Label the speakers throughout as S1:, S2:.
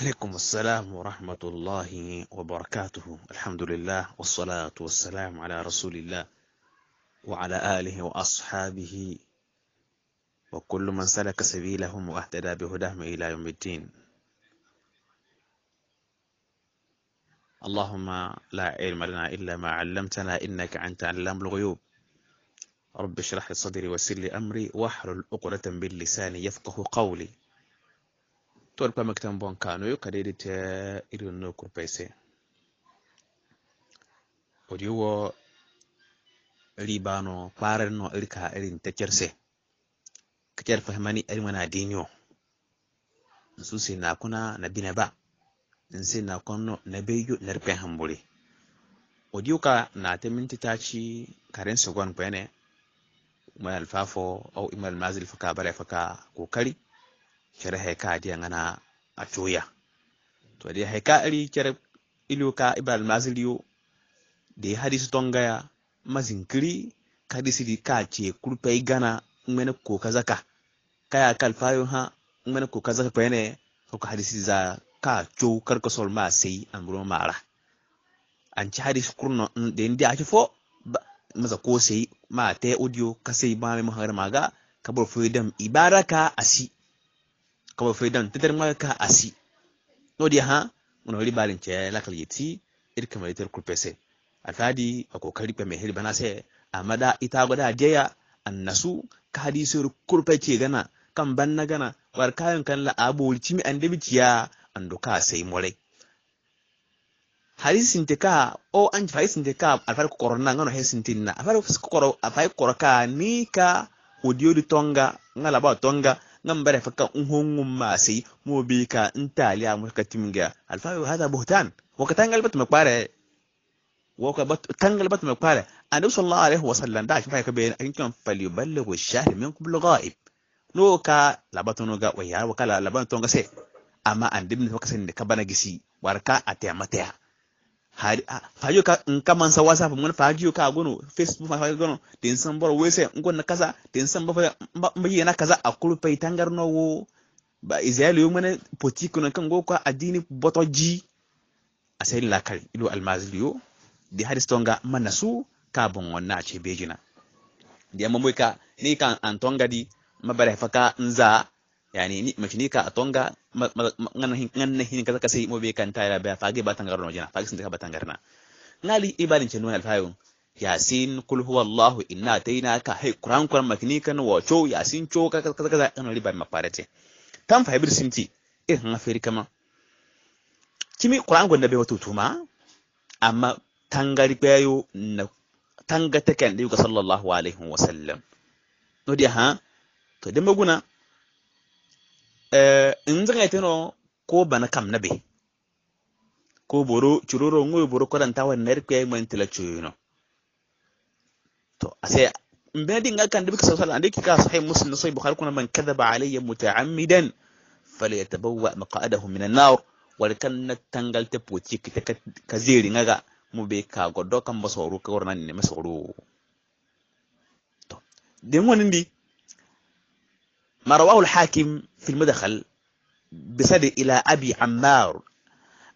S1: عليكم السلام ورحمة الله وبركاته الحمد لله والصلاة والسلام على رسول الله وعلى آله وأصحابه وكل من سلك سبيلهم واهتدى بهداهم إلى يوم الدين اللهم لا علم لنا إلا ما علمتنا إنك أنت علام الغيوب رب اشرح لي صدري وسر لي أمري واحلل عقدة من لساني يفقه قولي tod kpame kitan bon kanoyo kadedi te irin no kurpese odi libano kparar no irka irin tecerse kicer fahimani irin wana dinyo nsu si na kuna na bine ba nsi na konno na beyo lerpen hambure odi ka na te minti taci karen sogon kwene mal fafo au imal mazil faka bare faka kokari kere heka dia ngana atoya to dia heka ri kere iluka ibal maziliyo de hadis tonga ya mazinkiri kadisi ka kace kurpe igana ngmene ko kazaka kaya kalfayo ha ngmene ko kazaka pene ko hadisi za ka cow karka sol ma sei an buro mara an ci hadis kurno de ndi ake fo maza ko sei ma te audio ka sei ba me mahar maga kabur fo dam ibaraka asi kaba faydan tedar ka asi di ha wali balin ce la kaliti ir kamar tar kurpese afadi akokari pe mehir bana ya, se amada ita goda deya annasu ka hadisir kurpece gana kan na gana war kayan kan la abu ulcimi an ya, ando ka sai hari sinte ka o an fai sinte ka alfar ko korona ngano he sinte na ko koro afai kokoro ka ni ka odiodi tonga ngala ba tonga ngam bara fakka unhungum masi mo bika intali a muska timga alfa hada buhtan waka tangal bat makware waka bat tangal bat makware annabi sallallahu alaihi wasallam da shi fa ka bayin an fali falyuballighu ash-shahid minkum al-ghaib no ka labatono ga wayar wakala labaton ga sai amma an dimni fakasin da ka bana gisi warka a taimataya Ah, fajo ka nkaman sa whatsapp mun fajo ka gono facebook fajo gono den san bor wese ngon na kaza den san ba mbaye na kaza a kurpe tangar no wo ba israeli mun potiko na kan go ka adini botoji asai lakari ido almazliyo di haristonga manasu ka bongon na ce bejina di amma ka ni kan antonga di mabare faka nza yani ni machini ka atonga nganna hin kaza kasi mo be kan tayra ba fage ba tangarno jana fage sinda ba tangarna ngali ibalin chenu al fayo yasin kul huwa allah inna atainaka hay qur'an qur'an machini kan wa cho yasin cho kaza kaza kan riba ma parete tam fa hibir simti eh nga kama kimi qur'an gonda be wato amma tangari bayo na tangata kan da sallallahu alaihi wasallam no dia ha to da maguna Eh, in nzaŋaitino ko bana kam na be ko boro curoro ŋoyo boro kodanta tawa na rikwe ŋwenti la cuyono to ase mbena dinga kan dibi kasa sallan diki ka sahih muslim sahih bukhari kuna man kadhaba alayya muta'ammidan falyatabawwa maq'adahu min an-nar wal kan na tangal te poti kita ka zeri ngaga mu be ka goddo kan basoro ka warna ne masoro to den wani ndi marawahu al-hakim في المدخل بسبب إلى أبي عمار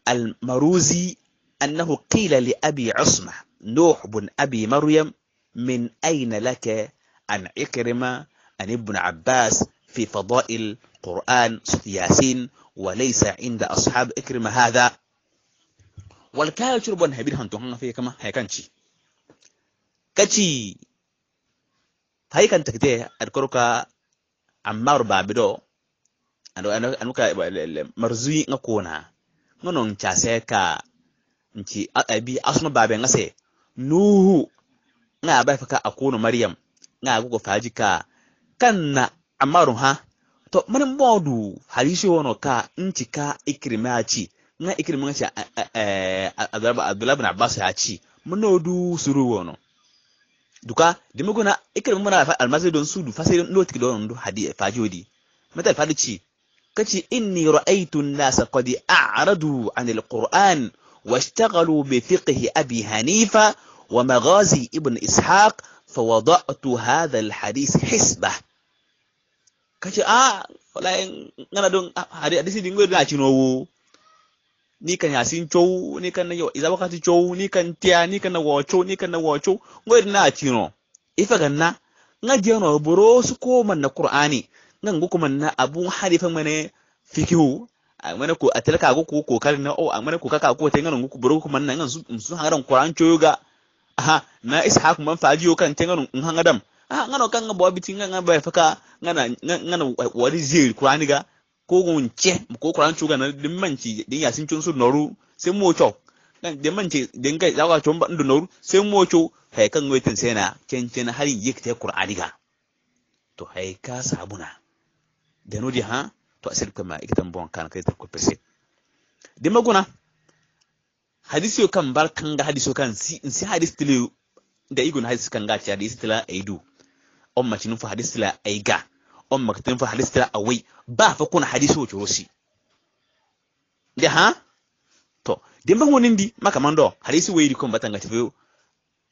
S1: المروزي أنه قيل لأبي عصمة نوح بن أبي مريم من أين لك أن عكرمة أن ابن عباس في فضائل قرآن ياسين وليس عند أصحاب إكرمة هذا والكالتر بن هبير هنتو هنا في كما هي كانشي كاتشي هاي كان تكتي أذكرك عمار بابدو anuka marzuyi nga kona ngono nchase ka nchi abi asno babe ngase nuhu nga abai faka akono maryam nga agogo faji ka kanna amaru ha to manin bodu halishi wono ka nchi ka ikrimachi ci nga ikrima ngasi abdullah bin abbas ya ci manodu suru wono duka dimugona ikrima muna almasai don sudu fasirin don lotik don hadi fajodi metal fadi ci كتي إني رأيت الناس قد أعرضوا عن القرآن واشتغلوا بفقه أبي هنيفة ومغازي ابن إسحاق فوضعت هذا الحديث حسبة كتي آه ولا ينغنى دون هذه الحديث دي نقول لا ni kan yasin chow ni kan yo iza wakati chow ni kan tia ni kan wo chow ni kan wo chow ngoi na atino ifa ganna nga jeno boros ko man na qur'ani ngan guku man na abun hari fa mane fikihu amana ku atalaka guku ku kar na o amana ku kaka ku te ngan guku buru ku man na ngan su hangaran qur'an choyoga aha na ishaq man fajiyo kan te ngan hangadam aha ngano kan ngabo biti ngan ba faka ngana ngana wari zil qur'an ga ko gun che ko qur'an choyoga na din manci din yasin chun su noru sai mo chok đến mình chỉ đến cái giáo chúng vẫn được nấu sẽ mua chú hệ các người tiền xe nào trên trên hari yik te qur'ani ga to hay ka sabuna de no di ha to asir ma ikitan bon kan kai ko pese de maguna hadisi o kan bar kan ga hadisi kan si in si hadisi tilu da igun hadisi kan ga ci hadisi tila aidu on macinin fa hadisi tila aiga on tinu fa hadisi tila awai ba fa kuna hadisi o rosi de ha to de ma wonin di maka mando hadisi wayri ko batanga tafiyo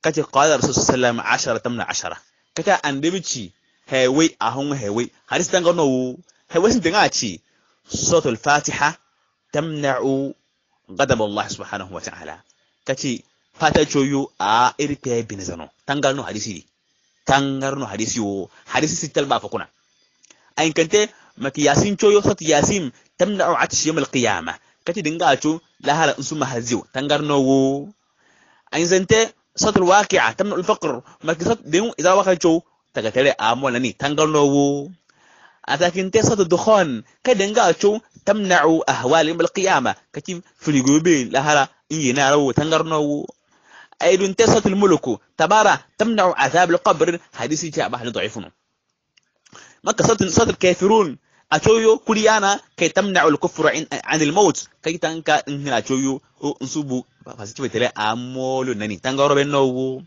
S1: kace qala rasul sallallahu alaihi wasallam 10 tamna 10 kaka andebici هاوي أهون هاوي هرستان قنو هاوي سنتنغاتي صوت الفاتحة تمنع غضب الله سبحانه وتعالى كتي فاتا جويو آ إريكي بنزانو تنغالنو حديثي tangarno hadisi wo hadisi sittal ba fakuna ayin kante maki yasin coyo sat yasin tamna'u atsh yawm al-qiyamah kati dinga acu lahala insuma haziw tangarno wo ayin zante sat al-waqi'a tamna'u al-faqr maki sat dinu idha waqa cow sakatare amu nani tangarnowu atakin tesa da dukhan kadin ga cu tamna'u ahwalin bil qiyama kaki filigobe lahara inyi na rawo tangarnowu aidun tesa mulku tabara tamna'u azab al qabr hadisi ta ba hadin da'ifun maka sautin sautin kafirun a kuliana kuriyana kai tamna'u al kufru an al maut kai tanka in na coyo in subu ba su ci nani tangarobe nowu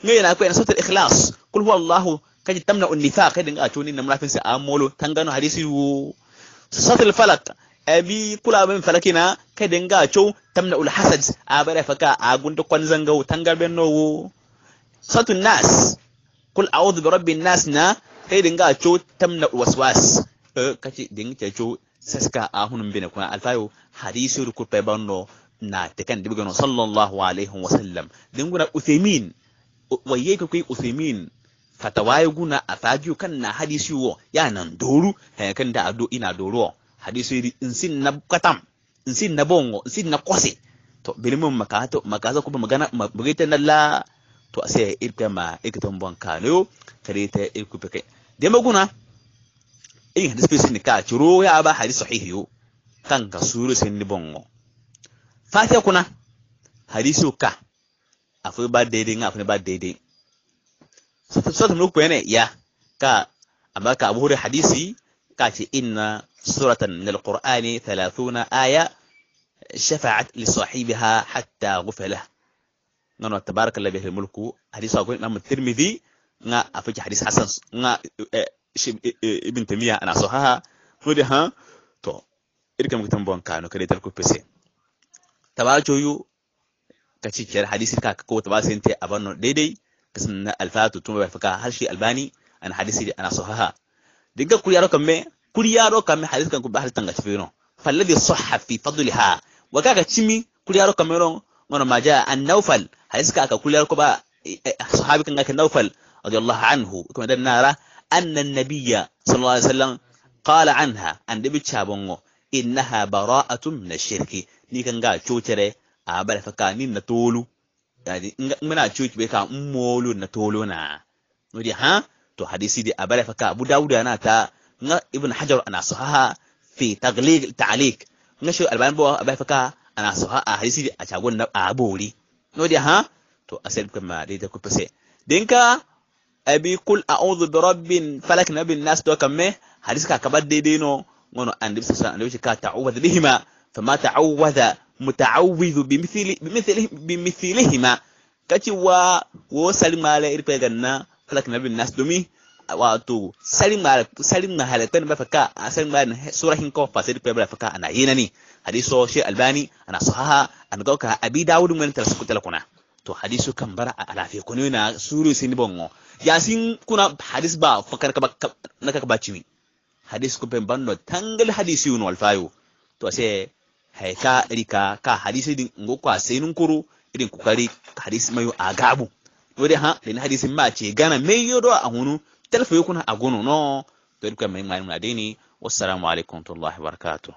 S1: meyna ko en sotel ikhlas kul huwa allah kaji tamna un nifaq hedin a tuni na munafin sa amolo tangano hadisi wo sotel falak abi kula ben falakina kadin ga cho tamna ul hasad a bare faka a gunda kwan zangau tangar ben nowo satun nas kul a'udhu bi rabbin nas na hedin ga cho tamna waswas kaci din ta cho saska a hunun bin kuma alfayo hadisi rukur pe banno na tekan dibgano sallallahu alaihi wasallam dinguna uthaymin waye ka kai Uthimin fatawaye guna asajiyo kan na hadisi wo ya nan doru ya kan da ado ina wo hadisi insin na katam insin na bongo insin na kwasi to bilimin makato makaza kuma magana magaita na la to sai irka ma ikiton bon kalo kare ta irku peke ya maguna in hadis fi sin ka ciro ya ba hadis sahihi yo kan ka suru sin ni bongo fatiha kuna hadisu ka akwai ba daidai nga akwai ba daidai sura mun ko ne ya ka amma ka abu hadisi ka ce inna suratan min alqur'ani 30 aya shafa'at li sahibiha hatta ghufala nono tabaraka allazi lahu mulku hadisi ko imam tirmidhi nga afiki hadisi hasan nga eh, eh, eh, ibn tamiya ana sahaha ko da ha to irkam kitan bon kano kare tar ku pese tabarajo kaci kiyar hadisi ka ko ta basin ta abanno daidai kasan na alfatu tun bai faka harshe albani an hadisi da ana sahaha diga kuri yaro me kuri yaro kamme hadisi kan ku bahar tanga tafiro falladhi sahha fi fadliha wa kaka chimi kuri yaro kamme ron ngono maja an naufal hadisi ka kuri yaro ko ba eh, eh, sahabi kan ka naufal radiyallahu anhu kuma dan nara anna nabiyya sallallahu alaihi wasallam qala anha an dibi chabongo innaha bara'atun min ash-shirki ni kan ga cocere a bala faka nin na tolu yadi muna coki bai ka molo na tolo na nodi ha to hadisi di a bala faka abu dawuda na ta nga ibn hajar ana sahaha fi tagliq ta'liq nga shi albayan bawa a bala faka ana sahaha a hadisi di a cagon na abori bori nodi ha to asali kuma dai ta kufse dinka abi kul a'udhu bi rabbin falak nabin nas to kamme hadisi ka kabar daidai no ngono andi sasa andi wasallam ka ta'awwadha bihima fama ta'awwadha muta'awwidhu bimithilihima kacewa wato salin ŋmaala salin a salin ŋmaala sura hin kɔ fasa iri albani ana sahaha ana gauka abi a alafiya kuni na suru haika rika ka hadisi din ngo kwa sainin kuro irin kokari hadisi mayo agabu wode ha din hadisi ma ce gana mai do a hunu talfa yakuna a gono no to dukkan mai mai mun adini wassalamu alaikum warahmatullahi wabarakatuh